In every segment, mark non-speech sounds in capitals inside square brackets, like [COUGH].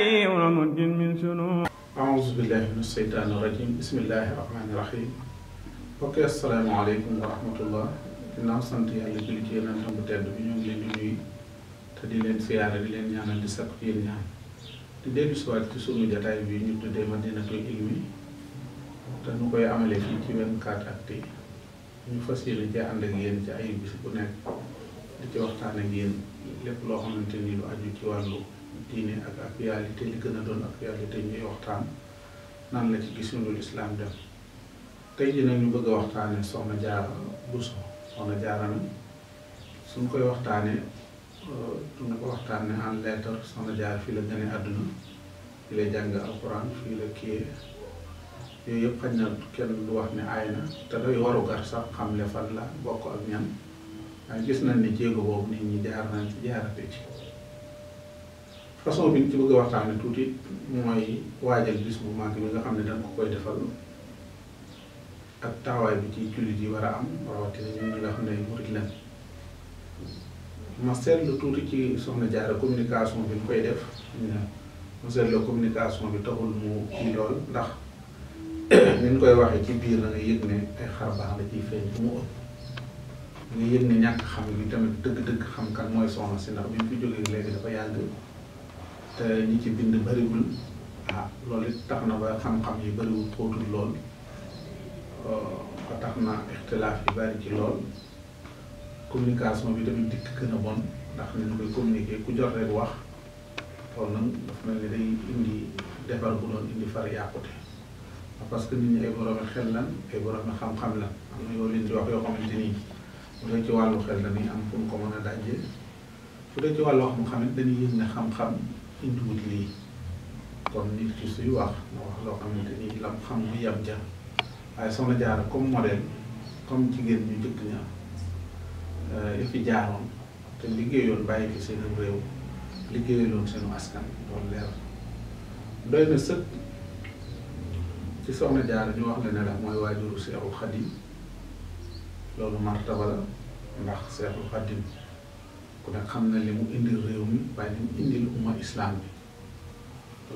aouzu billahi min seytaani rajim bismillahi rahmaani rahim bokk asalaamaaleykum wa rahmatullah ginnaaw sant yàlla ci yonentam bu tedd bi ñoo leen di nuyu te di leen siyaare di leen ñaanal di sakku ci ñaan di dellu siwaat ci sunu jataay bi ñu tuddee Madinatul Ilmi te ñu koy amale fii ci 24actu ñu fas yéene ci ànd ak yéen ci ay bis bu nekk di ci waxtaan ak yéen loo xamante ni lu aju ci wàllu diine ak actualité li gën a doon te ñuy waxtaan nan la ci gis ñu lislaam dem tey jii nag ñu bëgg a waxtaanee Soxna Jaara Buso Soxna Jaara nag suñ koy waxtaanee euh, duñ ko waxtaanee en lettre Soxna Jaara fii la gën a àdduna fii la jàng alxuraan fii la kii yooyu yëpp xaj na kenn du wax ne aay na te day waru sax xamle fan la bokk ak ñan waaye gis nañ ni jéego boobu nit ñi jaar nañ ci jaarate ci. façon bi ñu ci bëgg a waxtaanee tuuti mooy waajal bis bu mag bi nga xam ne dañ koy defal ak taxawaay bi ci jullit yi war a am rawatina ñun ñi nga xam ne murit lañ ma seetlu tuuti ci soxna jaara communication bi ñu koy def ma seetlu communication bi taxul mu ci lool ndax ni ñu koy waxee ci biir da nga yëg ne ay xar la ciy feeñ mu ëpp. nga yëg ne ñàkk xam gi tamit dëgg-dëgg xam kan mooy soxna si ndax bi ñu fi jógee léegi dafa yàgg. te ñi ci bind bëriwul ah loolu it tax na ba xam-xam yi bëriwul xóotul lool ah, ba tax na ixtilaaf yi bari ci lool communication bi tamit dikk gën a bon ndax ni ñu koy communiquer ku jot rek wax indi defar bu doon ah, parce que nit ñi ay boroomi xel lan ay boroomi xam-xam lan am yoo leen di wax yoo xamante ni bu dee ci wàllu xel dañuy am fu ñu ko mën a dajee bu dee ci wàllu wax xam it dañuy yëg ne xam-xam indiwut lii kon nit ki suy wax na wax loo xamante ni lam xam mu yem ja waaye soxna Jaara comme modèle comme jigéen ñu jëkk ña euh, yu fi jaaroon te liggéeyoon bàyyi fi seen réew liggéeyaloon seenu askan loolu leer doy na sëkk ci soxna Jaara ñu wax la ne mooy waajuru Seexul Xadim loolu martaba la ndax Seexul Xadim ku xam na li mu indil réew mi waaye li mu indil umma islam bi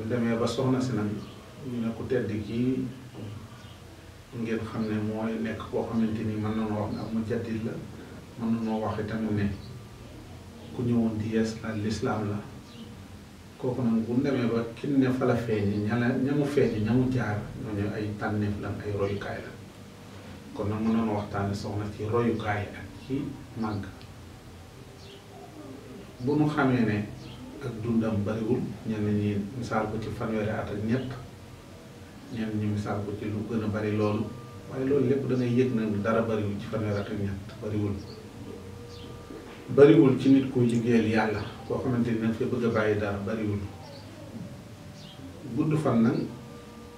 bu demee ba soxna si nag ñu ne ku tedd kii ngeen xam ne mooy nekk koo xamante ni mën ne ab mujaddid la mën nañoo wax itamit ne ku ñëwoon la lislaam la kooku nag bu demee ña la ña lan ay royukaay la kon nag mën nañoo waxtaane soxna ci royukaay ak ci màgg bu mu xamee ne ak dundam bariwul ñenn ñi misaal ko ci fanweeri at ak ñett ñenn ñi misaal ko ci lu gën a bari loolu waaye loolu lépp da ngay yëg na dara bariwul ci fanweeri at ak ñett bariwul bariwul ci nit kuy liggéeyal yàlla koo xamante ni nag fi bëgg a bàyyi dara bariwul gudd fan nag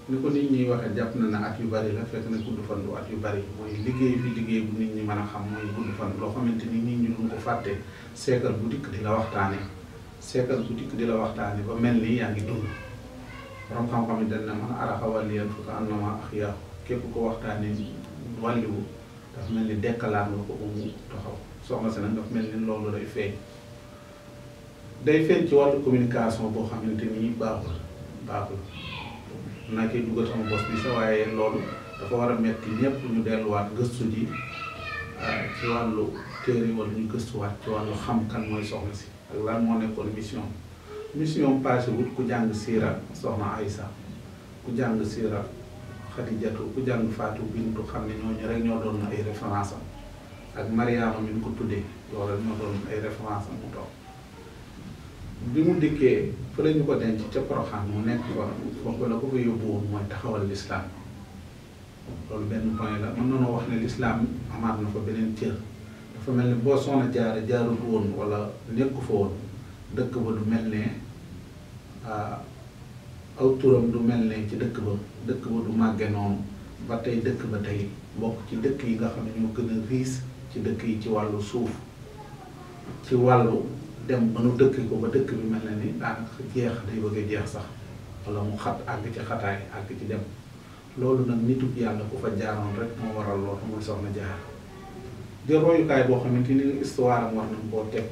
ni ko nit ñi waxee jàpp na na at yu bari la fekk na gudd fan du at yu bari mooy liggéey bi liggéey bu nit ñi mën a xam mooy gudd fan loo xamante ni nit ñi duñ ko fàtte seekal bu dikk di la waxtaane seekal bu dikk di la waxtaane ba mel ni yaa ngi dund borom xam-xam yi dañ na man araxa wàlliyan fukka annama ak yaaw képp ko waxtaane wàlliwu dafa mel ni dekkalaat nga ko umu taxaw soxna si nag mel ni loolu day feeñ day feeñ ci wàllu communication boo xamante ni baaxul naa koy dugal sama bos bi sa waaye loolu dafa war a metti ñëpp ñu delluwaat gëstu ji euh, ci wàllu téere wala ñu gëstuwaat ci wàllu xam kan mooy soxna si ak lan moo nekkoon mission mission passé wut ku jàng siira soxna Aysa ku jàng siira Xadijatu ku jàng Faatu bintu xam ne ñooñu rek ñoo doon ay référence ak Mariama mi ñu ko tuddee loolu rek ñoo doon ay référence mu toog bi mu dikkee fële ñu ko denc ca Porokhane mu nekk fa foofu la ko fa yóbbu woon mooy taxawal lislaam loolu benn point la mën nañoo wax ne lislaam amaat na fa beneen cër dafa mel ni boo jaar jaara jaarut woon wala nekku fa woon dëkk ba du mel ne aw turam du mel ne ci dëkk ba dëkk ba du màgge noonu ba tey dëkk ba tey bokk ci dëkk yi nga xam ne ñoo gën a riis ci dëkk yi ci wàllu suuf ci wàllu dem ba nu dëkk ko ba dëkk bi mel na ni daanaka jeex day bëgg jeex sax wala mu xat àgg ci xataay àgg ci dem loolu nag nitub yàlla ko fa jaaroon rek moo waral loolu muy soxna jaar di royukaay boo xamante ni histoire am war nañ koo teg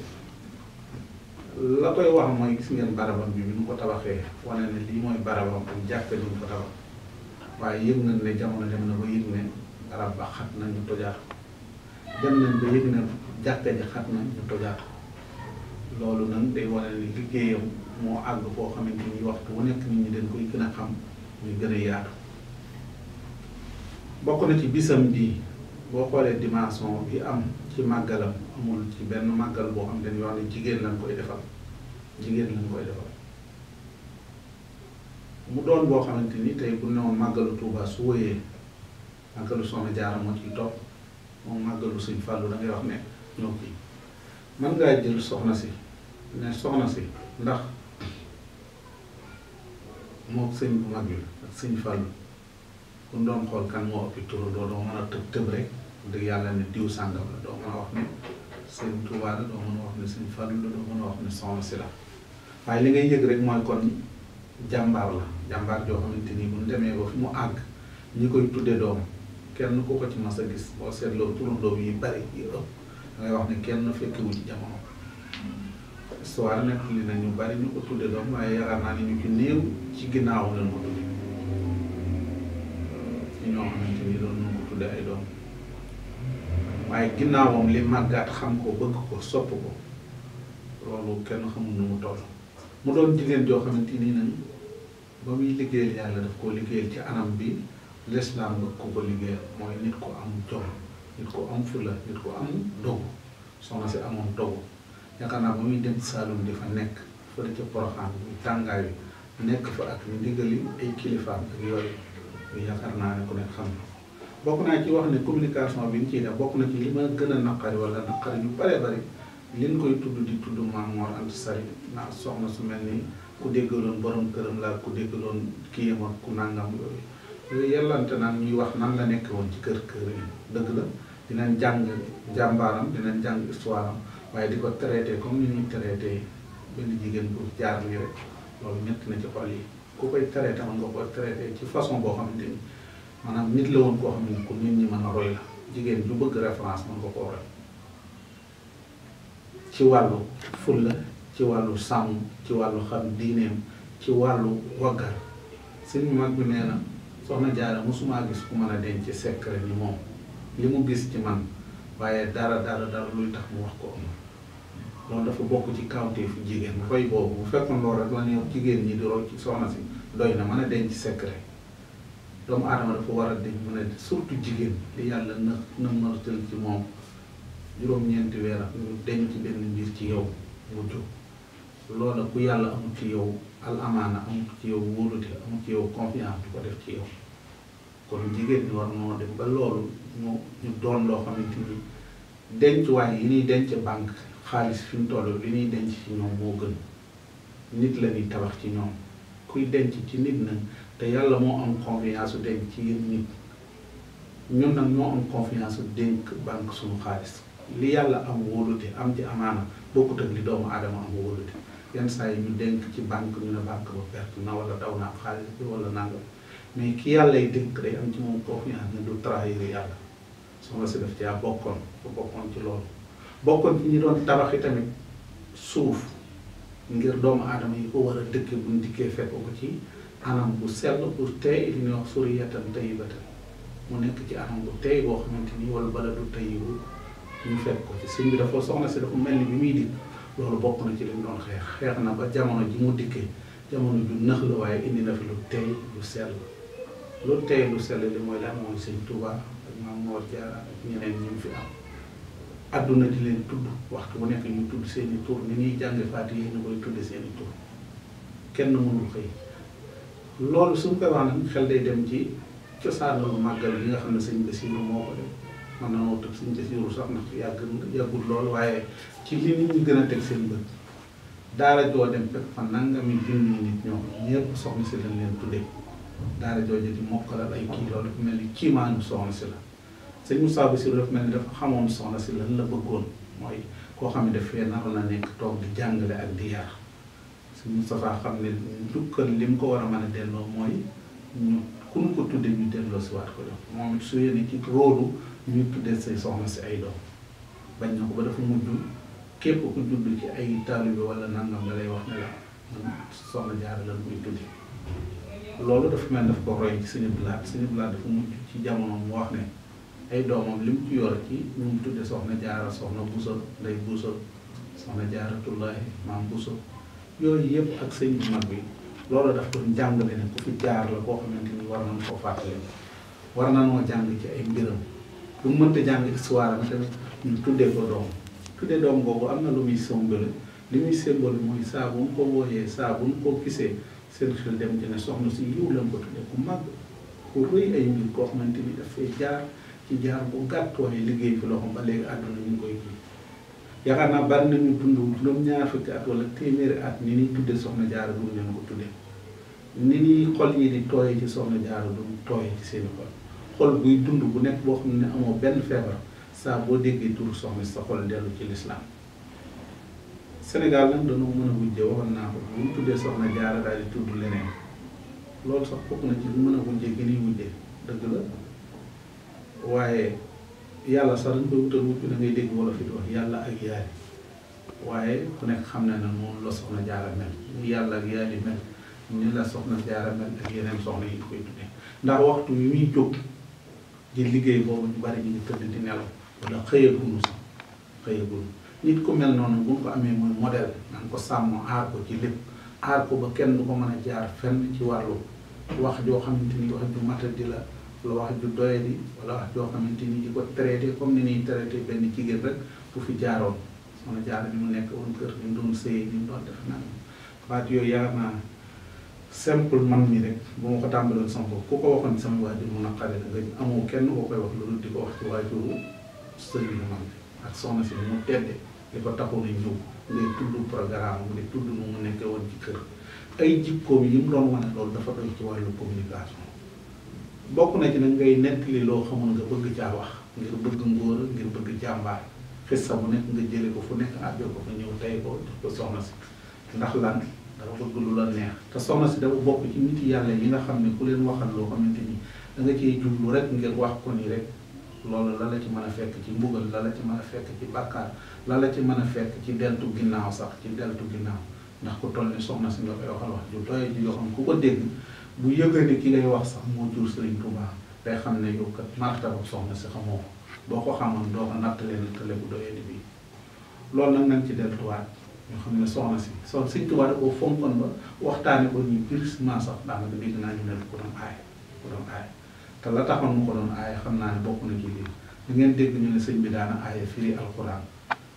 gis ngeen barabam bi bi ko tabaxee wane ne lii mooy barabam ak jàkka ñu ko tabax waaye yëg nañ ne jamono dem na ba yëg ne barab ba xat nañu tojaat dem nañ ba yëg ne jàkka ji xat nañu tojaat loolu nag day wane ne liggéeyam moo àgg foo xamante ni waxtu wu nekk nit ñi dañ koy gën a xam muy gën a yaatu bokk na ci bisam bi boo xoolee dimension bi am ci màggalam amul ci benn màggal boo xam dañuy ne jigéen lañ koy defal jigéen lañ koy doon boo xamante ni tey bu newoon màggalu Touba su wëyee màggalu Soxna Jaara moo ciy topp moom màggalu Sëñ Fàllu da wax ne ñoo kii mën ngaa jël soxna si ne soxna si ndax moo sëñ bu mag bi ak sëñ Fallou ku doon xool kan moo ëpp turu doo doo a tëb tëb rek dëgg yàlla ne diw sàngam la doo mën a wax ne sëñ Touba la doo a wax ne sëñ Fallou la doo a wax ne soxna la waaye li ngay yëg rek mooy kon jàmbaar la jàmbaar joo xamante ni bu ñu demee ba fi mu àgg ñi koy tuddee doom kenn ko ci mas a gis boo seetloo turandoo yi bari yi ëpp dangay wax ne kenn fekkiwu ci jamono. histoire nag li na ñu bari ñu ko tudde doom waaye yaakaar naa ne ñu ci néew ci ginnaaw ko tudde ci ñoo xamante ni doon tudde ay doom waaye ginnaawam li màggaat xam ko bëgg ko sopp ko loolu kenn xamul nu toll mu doon jigéen joo xamante ni nag ba muy liggéeyal yàlla daf koo liggéeyal ci anam bi lislaam nga ku ko liggéeyal mooy nit ko am jom nit ko am fula nit ko am dogu soxna si amoon dogu yaakaar naa ba muy dem Saloum dafa nekk fële ca Porokhane muy tàngaay bi nekk fa ak ndigali ay kilifaam ak yooyu yooyu naa ne ku nekk xam na bokk naa ci wax ne communication bi ñu ci def bokk na ci li ma gën a naqari wala naqari yu bare bari koy tudd di tudd Maam Mor Anta naa soxna su mel ni ku déggaloon boroom këram laa ku loon kii yam ak ku nangam yooyu yooyu yellante ñuy wax nan la nekkee woon ci kër kër yi dëgg la dinañ jàng jàmbaaram dinañ jàng waaye di ko traité comme ni ñuy traité benn jigéen bu jaar nii rek loolu ñett na ci xol yi ku koy traité man nga koy traité ci façon boo xamante ni maanaam nit koo xam ne ku nit ñi mën a roy bëgg référence man nga koo roy ci wàllu fulla ci wàllu sàmm ci wàllu xam diineem ci wàllu waggar sëñ mag bi nee na soxna jaara mosumaa gis ku mën a denc secret ni moom li mu gis ci man waaye dara dara dara luy tax mu wax ko loolu dafa bokk ci kawteefu jigéen bu fay boobu bu fekkoon loolu rek la ne jigéen ñi di roy ci soxna si doy na man a denc secret doomu aadama dafa war a di mën a surtout jigéen li yàlla na na martal ci moom juróom-ñeenti weer ak denc ci benn mbir ci yow mu ku yàlla amul ci yow al amaana amul ci yow wóolute amul ci yow confiance du ko def ci yow kon jigéen ñi war noo dem ba loolu ñu doon loo xamante ni denc waaye yi ñuy denc banque xaalis fi mu toll li ñuy denc ci ñoom moo gën nit la ñuy tabax ci ñoom kuy denc ci nit nag te yàlla moo am confiance su denc ci yéen nit ñun dénk banque suñu xaalis li yàlla am wóolute am ci amaana bokkut ak li doomu aadama am wóolute yenn saa yi ñu dénk ci banque ñu ne banque ba perte na wala daw naa xaalis bi wala nangam mais ki yàlla yi dénk day am ci moom confiance ne du trahir yàlla soxna si daf caa bokkoon ba bokkoon ci loolu. bokkoon ci ñi doon tabax yi tamit suuf ngir doomu aadama yi ko war a dëkk buñ dikkee fekk ko ci anam bu sell pour tey li ñuy wax suriyatan tayyibatan ci anam bu tey ni wala baladu tayyibu ñu fekk ko ci sëñ bi dafa soxna si dafa mel ni bi muy dikk loolu bokk na ci li mu doon xeex xeex na ba jamono ji mu dikkee jamono ju nëx la waaye indi na fi lu tey lu sell lu tey lu sell li mooy lan mooy sëñ Tuubaa ak Maam Moor Jaara ak ñeneen ñi fi am àdduna di leen tudd waxtu bu nekk ñu tudd seen i tur ni ñuy jàng faati yi ñu koy tudd seen i kenn mënul xëy loolu suñ koy wax nag xel day dem ci cosaanu màggal yi nga xam ne sëñ Basiiru moo ko def na moo tëb sëñ Basiiru sax ndax yàgg lool waaye ci li nit ñi gën a teg seen bët daara joo dem fekk fa nangami junni nit ñoom ñëpp soxna si lañ leen tuddee daara jooju di mokkalal ay kii loolu mel ni kiimaanu soxna si la sëñ Moussa Bassirou dafa mel ni dafa si lan la bëggoon mooy koo xam ne daf fee naroon na nekk toog di jàngale ak di yar sëñ Moustapha xam ne njukkal li mu ko war a mën a delloo mooy ñu ku ñu ko tuddee ñu delloo si waat ko jox moom it su yéene ci róolu ñu tuddee say soxna si ay doom bañ na ko ba dafa mujj képp ku judd ci ay taalibe wala nangam da wax ne la soxna lan muy tuddi loolu dafa mel daf ko roy ci sëñ Blaat sëñ Blaat dafa mujj ci jamono mu wax ne ay doomam lim ci yor ci ñu ngi tudde soxna jaara soxna buso nday buso soxna jaara tullahi maam buso yooyu yëpp ak sëñ bu mag bi loolu daf ko jàngale ne ku fi jaar la koo xamante ni war nañ ci ay mbiram lu mu mënta jàng histoire am tamit na lu muy sombale li muy symbole mu saa bu ñu ko wooyee saa bu ñu ko gisee seen xel dem ci soxna si yiw lañ ko tuddee ku mag ku rëy ay mbir koo xamante ni jaar ci jaar bu gàtt waaye liggéey fi loxoom ba léegi àdduna ñu koy ji yaakaar naa bari nañu dund juróom-ñaar fukki at wala téeméeri at ni ñuy tuddee soxna jaar duñ leen ko tuddee ni ñuy xol yi di tooyee ci soxna jaara duñ tooyee ci seen xol xol buy dund bu nekk boo xam ne amoo benn feebar saa boo déggee tur soxna sa xol dellu ci lislaam Sénégal nag dañoo mën a wujjee waxoon naa ko bu ñu tuddee soxna jaara daal di tudd leneen loolu sax bokk na ci mën a wujjee gi ñuy wujjee dëgg la waaye yàlla sax dañ koy wutal wut bi da dégg wala yàlla ak yaali waaye ku nekk xam na ne moom la soxna jaara yàlla ak yaali mel ñu la soxna jaara mel ak yeneen soxna yi koy tuddee ndax waxtu wi muy jóg di liggéey boobu ñu bari ñu ngi tëdd di nelaw wala xëyagunu sax xëyagunu nit ku mel noonu bu ko amee mooy modèle nan ko sàmm aar ko ci lépp aar ko ba kenn du ko mën a jaar fenn ci wàllu wax joo xamante ni wax ju matal di la wala wax ju doyadi wala wax joo xamante ni di ko traité comme ni ñuy traité benn jigéen rek bu fi jaaroon soxna jaar bi mu nekk woon kër gi mu doon sëy ni mu doon def naan waat ko tàmbaloon sama bopp ku ko waxoon sama waajur mu naqare la kenn koo koy wax di ko wax ci waajuru sëñ bi man ak soxna si mu a ñëw ngay tudd programme ay jikkoom yi mu doon wane loolu dafa doy ci wàllu communication bokk na ci nag ngay nettali loo xamul nga bëgg caa wax ngir bëgg ngóor ngir bëgg jàmbaar xissa bu nekk nga jële ko fu nekk àjjo ko fa ñëw tey ko soxna si ndax lan dafa bëgg lu la neex te soxna si dafa bokk ci nit yi nga xam ne ku leen waxal loo xamante ni da nga cee jublu rek ngir wax ko rek loolu la la ci mën a fekk ci mbugal la la ci mën a fekk ci bàkkaar la la ci mën a fekk ci deltu ginnaaw sax ci deltu ginnaaw ndax ku toll ni soxna si nga koy waxal wax ju yoo xam ku ko dégg bu yëgee ni ki ngay wax sax moo jur Serigne Touba day xam ne yow kat martaba soxna si xamoo ko boo ko xamoon doo ko nattalee nattale bu doyee bi loolu nag nañ ci delluwaat ñu xam ne soxna si soxna si Touba da koo fonkoon ba waxtaane ko ñu birisement sax daanaka dégg naa ñu ne ko doon aay ko doon aay te la taxoon mu ko doon aay xam naa ne bokk na ci lii di ngeen dégg ñu ne sëñ bi daana aaye firi alxuraan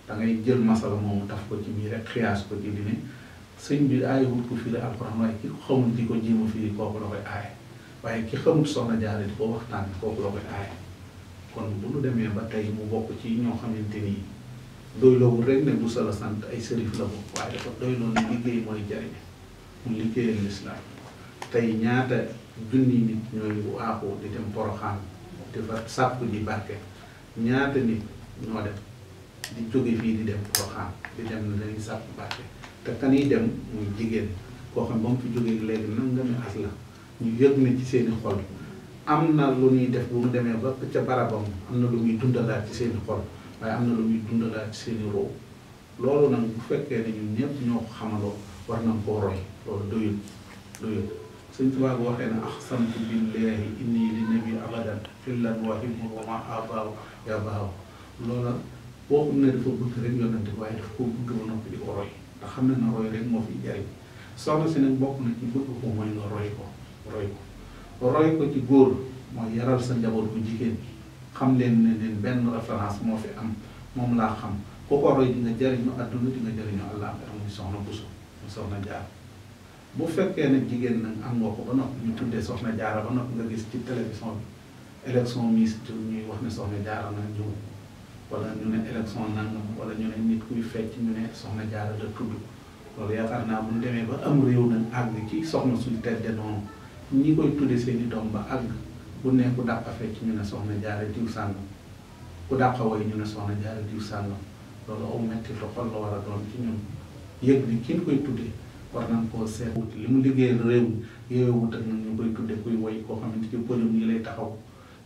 da jël masala moomu taf ko sëñ bi aay wut ko firi alxuraan waaye ki ko xamul di ko jéem a firi kooku la koy aaye waaye ki xamul soxna jaare di ko waxtaan kooku la koy aaye kon bu nu demee ba tey mu bokk ci ñoo xamante ni doyloowul rek ne sant ay sërif la bokk waaye dafa doyloo ne liggéey mooy jariñ mu liggéeyal lislaam ñaata junni nit ñooy waaxu di dem poroxaan di dem poroxaan di dem na te kanuy dem muy jigéen koo xam ba mu fi jógee léegi nangami as la ñu yëg na ci seeni xol am na lu ñuy def bu mu demee ba ca barabam am na lu muy dundalaat ci seeni xol waaye am na lu muy dundalaat ci seeni roo loolu nag bu fekkee ne ñun ñoo ko xamaloo war nañ koo roy loolu doyul doyul sëñ Tuubaa bu waxee ne axsantu billaahi inni li abadan fillan wahimu wa ma abaaw ya baaw loola boo xam ne dafa bëgg rek yonante waaye daf koo bëgg ba noppi di ko xam nañ ne roy rek moo fi jariñ soxna si nag bokk na ci bëgg ko mooy nga roy ko roy ko ci góor mooy yaral sa njaboot bu jigéen xam leen ne leen benn référence moo fi am moom laa xam ku ko roy di nga jariñu àdduna di nga jariñu àllaaxira muy soxna Buso muy soxna jaar bu fekkee ne jigéen nag am nga ko ba noppi ñu tuddee soxna jaara ba noppi nga gis ci télévision bi élection ministre ñuy wax ne soxna jaara na ñëw wala ñu ne élection nangam wala ñu ne nit kuy fecc ñu ne soxna jaara la tudd loolu yaakaar naa bu ñu demee ba am réew nag àgg ci soxna suñu tedde noonu ñi koy tudde seen i doom ba àgg ne ku dàqa fecc ñu ne soxna jaara diw sàngam ku dàqa woy ñu ne soxna jaara diw sàngam loolu aw metti lu xol la doon ci ñun yëg ni kiin koy tuddee war nañ koo seet li mu liggéeyal réew mi yooyu wutal ñu koy tudde kuy lay taxaw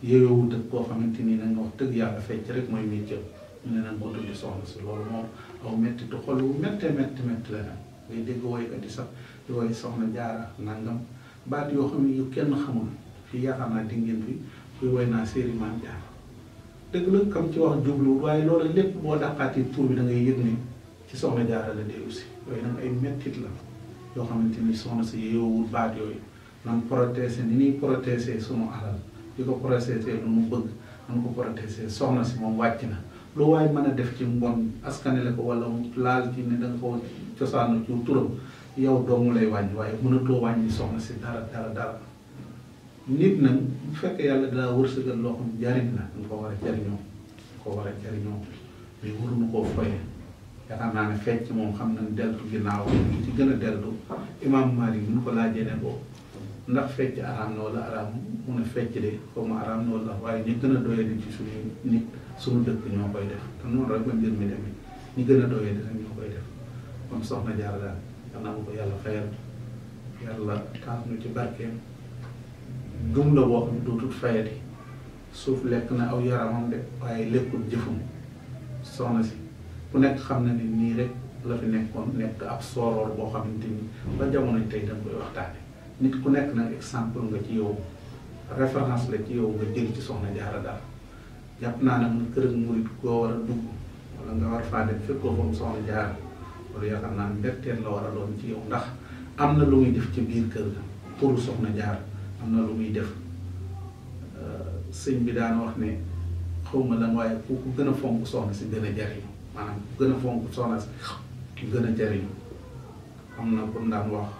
yëyowut ak koo xamante ni nañ wax dëgg yàlla fecc rek mooy métier ñu ne nañ ko tuddi soxna si loolu moom aw métti tu xol wu méttee métti métti la nag ngay dégg woy soxna jaara nangam baat yoo xam kenn xamul fii yaakaar naa di ngeen fi kuy jaara la kam ci wax jubluwul waaye loolu lépp boo dàqaati ci soxna jaara la dee aussi yooyu nag ay mettit la yoo xamante ni soxna si yëyowul baat yooyu nan protéger ni ñuy protéger sunu alal di ko protéger lu mu bëgg nan ko protéger soxna si moom wàcc na lu waay mën a def ci mbon askanele ko wala laal ci ne da nga ko cosaanu ci turam yow doomu lay wàññi waaye mënatoo wàññi soxna si dara dara dara nit nag bu fekkee yàlla daa wërsëgal loo xam jariñ la nga ko war a jariñoo ko war a jariñoo mais waruñu koo foye yaakaar naa ne fecc moom xam nañ deltu ginnaaw ci gën a deltu imaam Malik ñu ko laa ne boobu ndax fecc araam na wala araam mu ne fecc de xaw araam na wala waaye ñi gën a doyadi ci suñu nit suñu dëkk ñoo koy def te noonu rek la mbir mi demee ñi gën a doyadi rek ñoo koy def kon soxna Jaara daal yal na ko yàlla fayal yàlla taas ñu ci barkeem gëm la boo suuf lekk aw yaramam de waaye lekkul jëfum soxna si ku nekk xam na ni nii rek la fi nekkoon nekk ak sooroor boo xamante ni ba jamono tey dañ koy waxtaane nit ku nekk na exemple nga ci yow référence la ci yow nga jël ci soxna jaara daal jàpp naa nag kër ak murit koo war a dugg wala nga war faa dem fekkoo fa mu soxna jaara war a doon ci yow ndax am na lu def ci biir kër ga pour soxna jaar am na lu def euh, sëñ bi daan xaw ma lan waaye ku gën a fonk soxna si gën a jariñu maanaam ku gën a fonk soxna si gën a jariñu am na kon daan wax.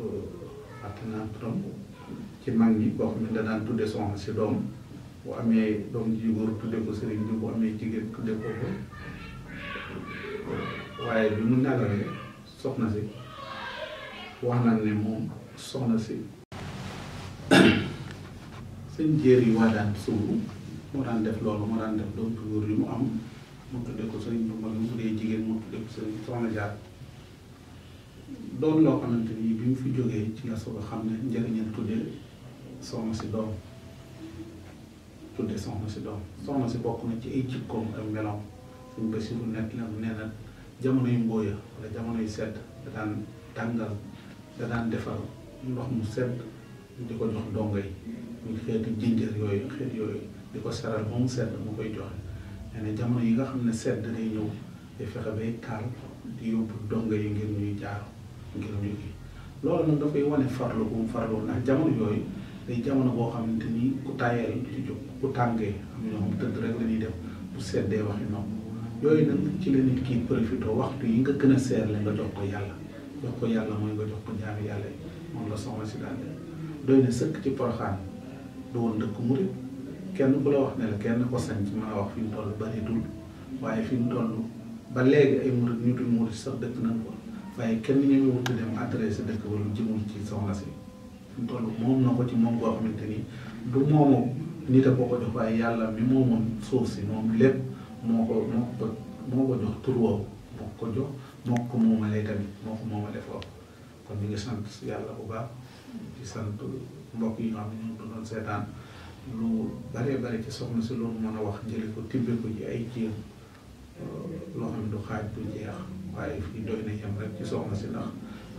Euh, fàtte naa turam ci mag ñi koo xam ne danaan tudde soxna si doom bu amee doom ji góor tudde ko sëriñ bi bu amee jigéen tudde ko ko waaye bi mu nagalee soxna si wax na ne moom soxna si sëñ [COUGHS] jéer yi waa daan suuru moo daan def loolu moo daan def doom ji góor yi mu am mu tudde ko sëriñ bu mag mu dee jigéen mu tudde ko sëriñ soxna jaar doon loo xamante ni bi fi jógee ci la soog a xam ne njëriñal tuddee soxna si doom tuddee soxna si doom bokk na ci ay jikkoom ak meloom suñ ba si nekk la nee na jamonoy mbóoya wala jamonoy sedd da daan tàngal da ndox mu sedd di ko jox dongo yi muy xeetu jinjër yooyu xeet yooyu di ko seral ba sedd mu koy joxe nee jamono yi nga xam ne sedd day ñëw day fexe bay taal di yóbbu dongo yi ngir ñuy jaaru ngir ñu kii loolu nag koy wane farlu bu mu farlu ndax jamono yooyu day jamono boo xamante ni ku tayeel ci jóg ku tàngee am ñoo xam tëdd rek la ñuy bu seddee waxi nopp yooyu nag ci la nit kii waxtu yi nga gën a seer la nga jox ko ko yàlla mooy nga jox yàlla yi moom la soxna si sëkk ci Porokhane du woon dëkk kenn ku la wax ne kenn ko sañ ci mën a wax fi mu ba bari dul waaye fi mu toll ba léegi ay murit ñu dul murit sax dëkk nañ ko waaye kenn ñu wut dem adressé dëkk ba lu jëmul ci soxna si mu toll moom na ko ci moom boo xamante ni du moomu nit a ko ko jox waaye yàlla mi moomoon suuf si moom lépp moo ko moo ko moo ko jox moo ko jox moo ko tamit moo ko moomalee foofu kon ñu ngi sant yàlla bu baax di sant mbokk yi nga xam ne ñu doon seetaan a wax jële ko tibbe ay jéem loo xam du xaaj du jeex. waaye fii doy na yem rek ci soxna si ndax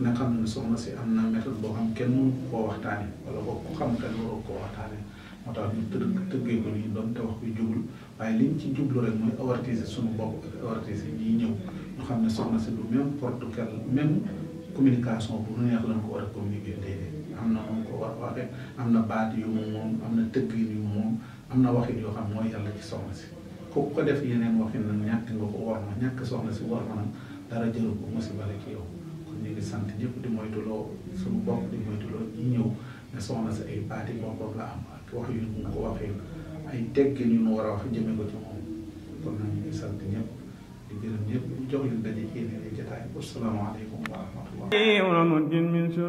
na xam ne soxna si am na méthode boo xam kenn mënu koo waxtaanee wala boo ko xam kenn waroo koo waxtaanee moo tax ñu tëdd doon te wax bi waaye liñ ci jublu rek mooy avertiser suñu bopp ak avertiser ñiy ñëw ñu xam ne soxna si du même même communication bu neex lañ ko war a communiquer léegi am na a waxee am na baat yu mu moom am na tëggin yu am na waxin yoo xam mooy yàlla ci soxna si ku ko def yeneen waxin nag ñàkk nga ko war ma ñàkk soxna si war ma nag dara jëlu ko musiba rek yow kon ñu ngi sant ñëpp di moytuloo suñu bopp di moytuloo ñi ñëw ne soxna sa ay baati boppam la am wax yu ñu ko waxee ay teggin yu ñu war a wax jëmee ko ci moom kon nag ñu sant ñëpp di gërëm ñëpp jox leen daje ci yeneen i jotaay asalaamaaleykum wa rahmatullah